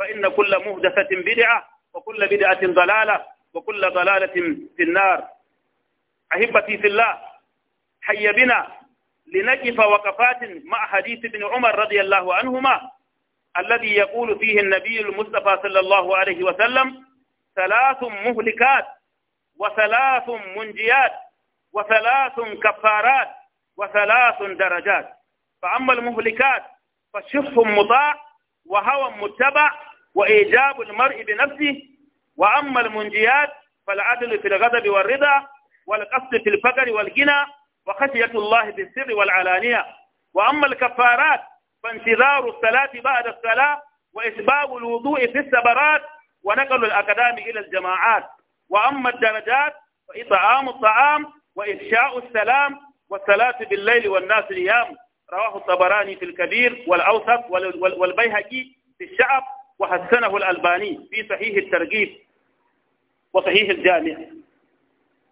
[SPEAKER 2] فإن كل مهدفة بدعة وكل بدعة ضلالة وكل ضلالة في النار أحبتي في الله حي بنا لنقف وقفات مع حديث ابن عمر رضي الله عنهما الذي يقول فيه النبي المصطفى صلى الله عليه وسلم ثلاث مهلكات وثلاث منجيات وثلاث كفارات وثلاث درجات فأما المهلكات فشف مطاع وهوى متبع وإيجاب المرء بنفسه وأما المنجيات فالعدل في الغضب والرضا والقصد في الفقر والغنى وخشية الله في السر والعلانية وأما الكفارات فانتظار الصلاة بعد الصلاة وإسباب الوضوء في السبرات ونقل الأقدام إلى الجماعات وأما الدرجات فإطعام الطعام وإفشاء السلام والصلاة بالليل والناس اليام رواه الطبراني في الكبير والأوسط والبيهقي في الشعب وحسنه الألباني في صحيح الترغيب وصحيح الجامع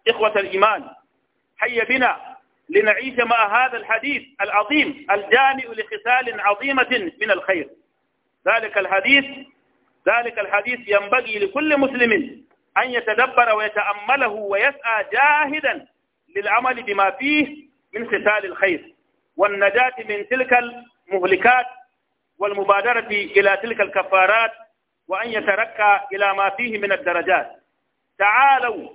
[SPEAKER 2] إخوة الإيمان حي بنا لنعيش مع هذا الحديث العظيم الجامع لخصال عظيمة من الخير ذلك الحديث ذلك الحديث ينبغي لكل مسلم أن يتدبر ويتأمله ويسعى جاهدا للعمل بما فيه من خصال الخير والنجاة من تلك المهلكات والمبادرة إلى تلك الكفارات وأن يترقى إلى ما فيه من الدرجات تعالوا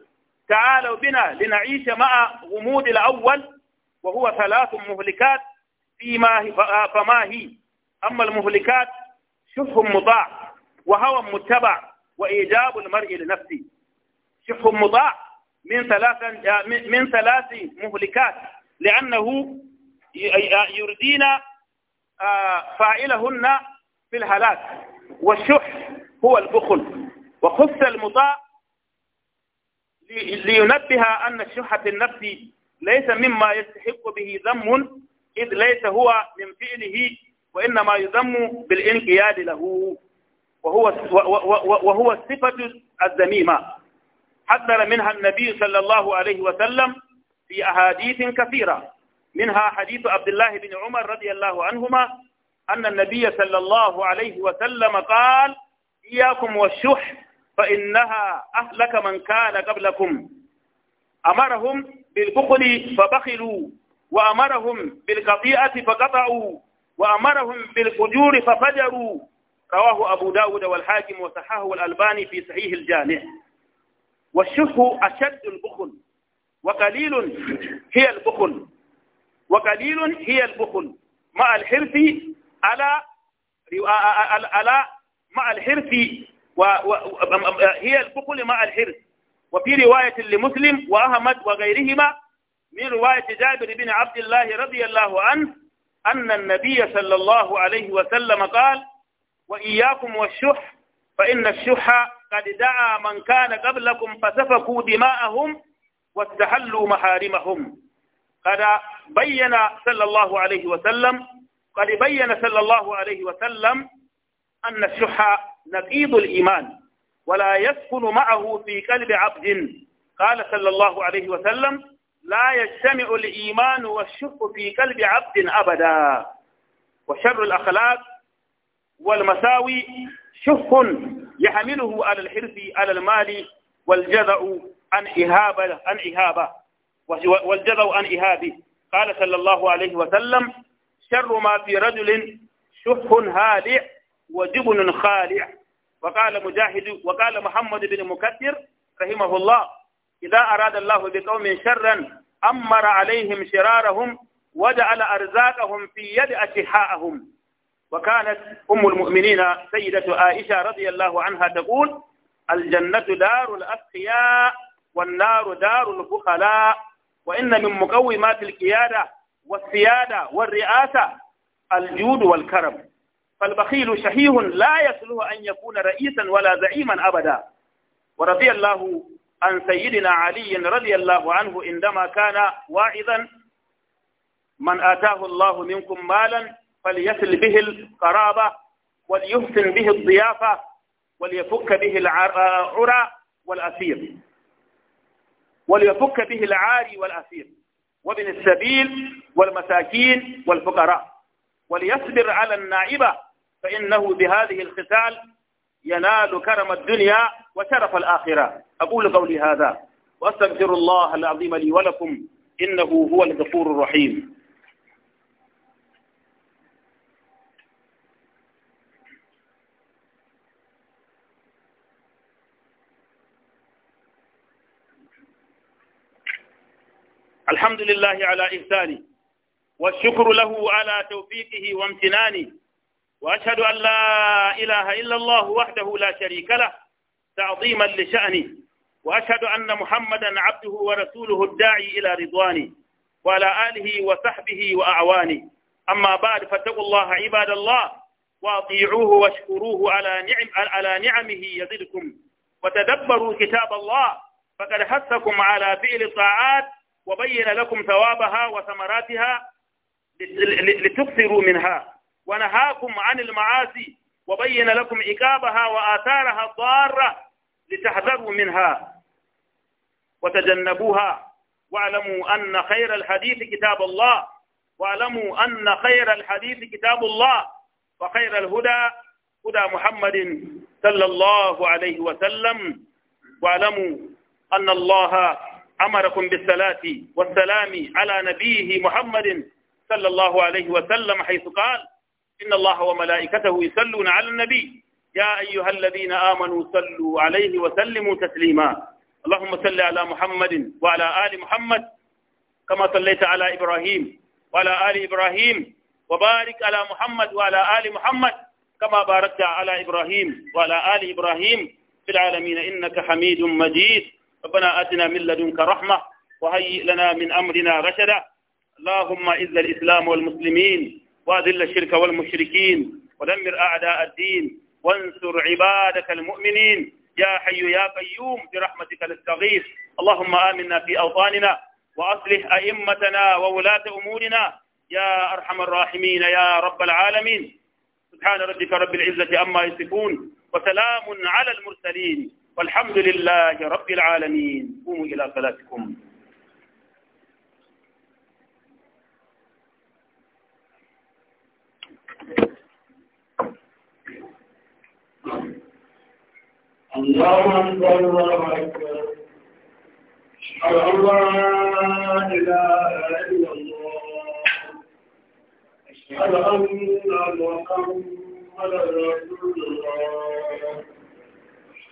[SPEAKER 2] تعالوا بنا لنعيش مع غموض الأول وهو ثلاث مهلكات فيما فما هي أما المهلكات
[SPEAKER 1] شح مطاع
[SPEAKER 2] وهوى متبع وإيجاب المرء لنفسه شح مطاع من ثلاث من ثلاث مهلكات لأنه يردينا آه، فاعلهن في الهلاك والشح هو البخل وخص المطاع
[SPEAKER 1] لينبه
[SPEAKER 2] أن الشح في النفس ليس مما يستحق به ذم إذ ليس هو من فعله وإنما يذم بالانقياد له وهو وهو الصفة الذميمة حذر منها النبي صلى الله عليه وسلم في أحاديث كثيرة منها حديث عبد الله بن عمر رضي الله عنهما أن النبي صلى الله عليه وسلم قال إياكم والشح فإنها أهلك من كان قبلكم أمرهم بالبخل فبخلوا وأمرهم بالقطيئة فقطعوا وأمرهم بالفجور ففجروا رواه أبو داود والحاكم وصححه الألباني في صحيح الجامع والشح أشد البخل وقليل هي البخل وقليل هي البخل مع الحرص على على مع الحرص و... هي البخل مع الحرص وفي رواية لمسلم وأحمد وغيرهما من رواية جابر بن عبد الله رضي الله عنه أن النبي صلى الله عليه وسلم قال وإياكم والشح فإن الشح قد دعا من كان قبلكم فسفكوا دماءهم واستحلوا محارمهم قد بين صلى الله عليه وسلم قد بين صلى الله عليه وسلم أن الشح نقيض الإيمان ولا يسكن معه في قلب عبد قال صلى الله عليه وسلم لا يجتمع الإيمان والشح في قلب عبد أبدا وشر الأخلاق والمساوي شح يحمله على الحرص على المال والجزع عن إهابة, عن إهابة والجذو عن إهابه قال صلى الله عليه وسلم شر ما في رجل شح هالع وجبن خالع وقال مجاهد وقال محمد بن مكثر رحمه الله إذا أراد الله بقوم شرا أمر عليهم شرارهم وجعل أرزاقهم في يد أشحاءهم وكانت أم المؤمنين سيدة عائشة رضي الله عنها تقول الجنة دار الأتقياء والنار دار البخلاء وإن من مقومات القيادة والسيادة والرئاسة الجود والكرم فالبخيل شحيح لا يصلح أن يكون رئيسا ولا زعيما أبدا ورضي الله عن سيدنا علي رضي الله عنه عندما كان واعظا من آتاه الله منكم مالا فليصل به القرابة وليحسن به الضيافة وليفك به العرى آه، والأسير وليفك به العاري والأسير وابن السبيل والمساكين والفقراء وليصبر على النائبة فإنه بهذه الختال ينال كرم الدنيا وشرف الآخرة أقول قولي هذا وأستغفر الله العظيم لي ولكم إنه هو الغفور الرحيم الحمد لله على إحساني والشكر له على توفيقه وامتناني وأشهد أن لا إله إلا الله وحده لا شريك له تعظيما لشأني وأشهد أن محمدا عبده ورسوله الداعي إلى رضواني وعلى آله وصحبه وأعواني أما بعد فاتقوا الله عباد الله وأطيعوه واشكروه على نعم على نعمه يزدكم وتدبروا كتاب الله فقد حثكم على فعل الطاعات وبين لكم ثوابها وثمراتها لتكثروا منها ونهاكم عن المعاصي وبين لكم عقابها وآثارها الضارة لتحذروا منها وتجنبوها واعلموا أن خير الحديث كتاب الله واعلموا أن خير الحديث كتاب الله وخير الهدى هدى محمد صلى الله عليه وسلم واعلموا أن الله أمركم بالصلاة والسلام على نبيه محمد صلى الله عليه وسلم حيث قال إن الله وملائكته يصلون على النبي يا أيها الذين آمنوا صلوا عليه وسلموا تسليما اللهم صل على محمد وعلى آل محمد كما صليت على إبراهيم وعلى آل إبراهيم وبارك على محمد وعلى آل محمد كما باركت على إبراهيم وعلى آل إبراهيم في العالمين إنك حميد مجيد ربنا آتنا من لدنك رحمة وهيئ لنا من أمرنا رشدا اللهم إذ الإسلام والمسلمين وأذل الشرك والمشركين ودمر أعداء الدين وانصر عبادك المؤمنين يا حي يا قيوم برحمتك نستغيث اللهم آمنا في أوطاننا وأصلح أئمتنا وولاة أمورنا يا أرحم الراحمين يا رب العالمين سبحان ربك رب العزة أما يصفون وسلام على المرسلين والحمد لله رب العالمين قوموا إلى صلاتكم
[SPEAKER 1] اللهم صل الله محمد أشهد أن لا إله إلا الله أشهد أن محمدا رسول الله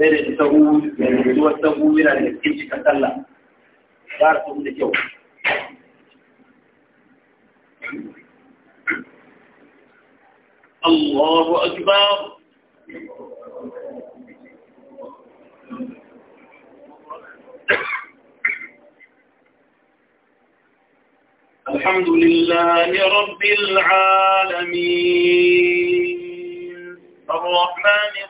[SPEAKER 2] irin sahu da rikisuwar sahu yana da cikin cikin sallah ba su da kyau
[SPEAKER 1] الله أكبر الحمد لله رب العالمين الرحمن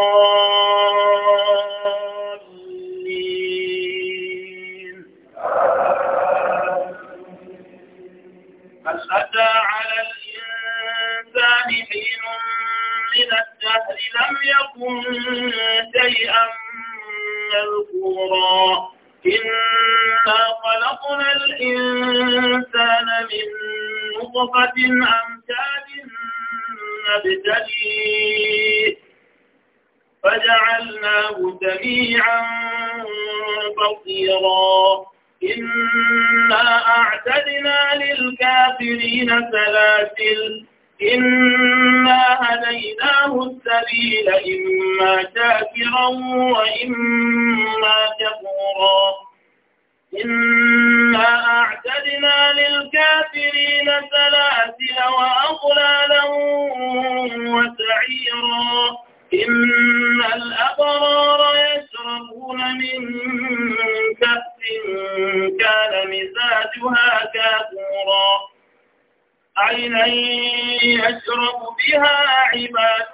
[SPEAKER 1] لكم شيئا مذكورا إنا خلقنا الإنسان من نطفة أمتاد نبتليه فجعلناه سميعا بصيرا إنا أعتدنا للكافرين سلاسل إنا هديناه السبيل إما شاكرا وإما كفورا إنا أعتدنا للكافرين سلاسل وأغلالا وسعيرا إن عينا يشرب بها عباد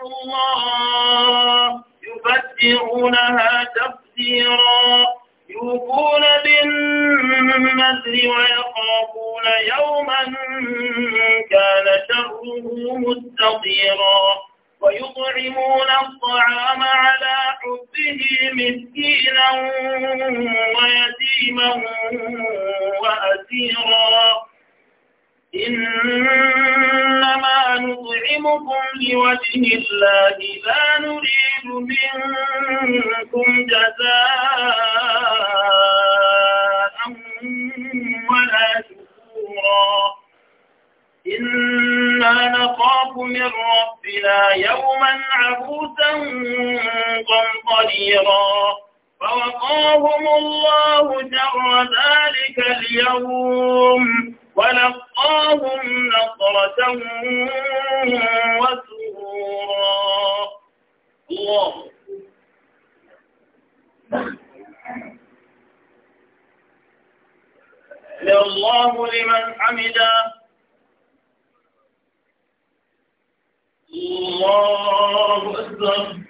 [SPEAKER 1] الأكبر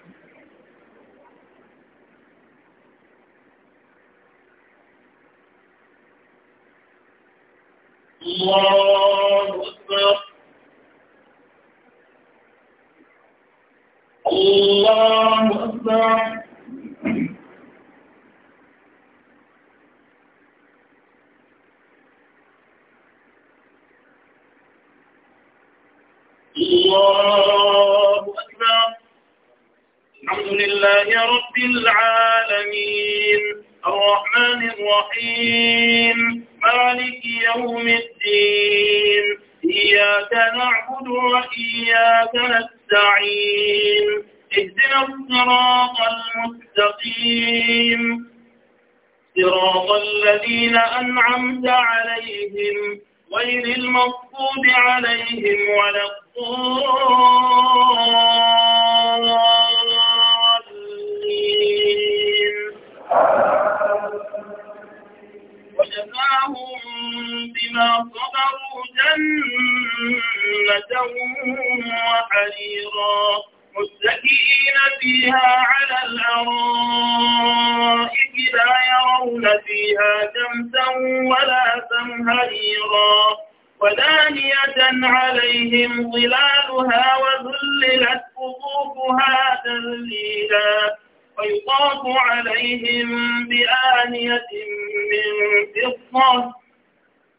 [SPEAKER 1] فخر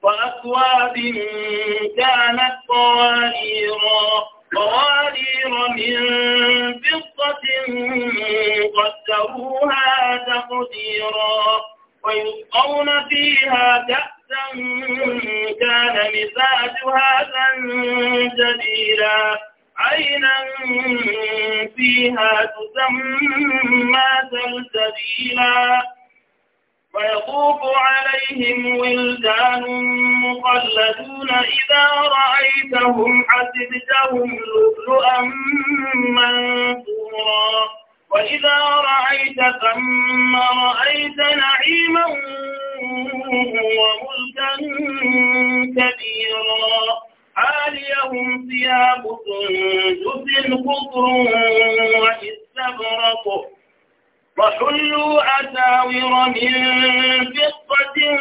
[SPEAKER 1] وأكواب كانت قواريرا قوارير من فضة قدروها تقديرا ويسقون فيها كأسا كان مزاجها زنجبيلا عينا فيها تسمى سلسبيلا ويطوف عليهم ولدان مخلدون إذا رأيتهم حسبتهم لؤلؤا منثورا وإذا رأيت ثم رأيت نعيما وملكا كبيرا عاليهم ثياب سندس خضر واستبرق وحلوا أساور من فضة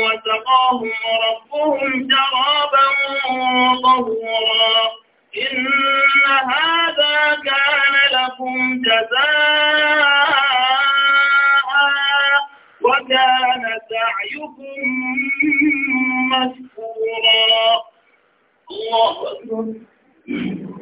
[SPEAKER 1] وسقاهم ربهم شرابا طهورا إن هذا كان لكم جزاء وكان سعيكم مشكورا الله أكبر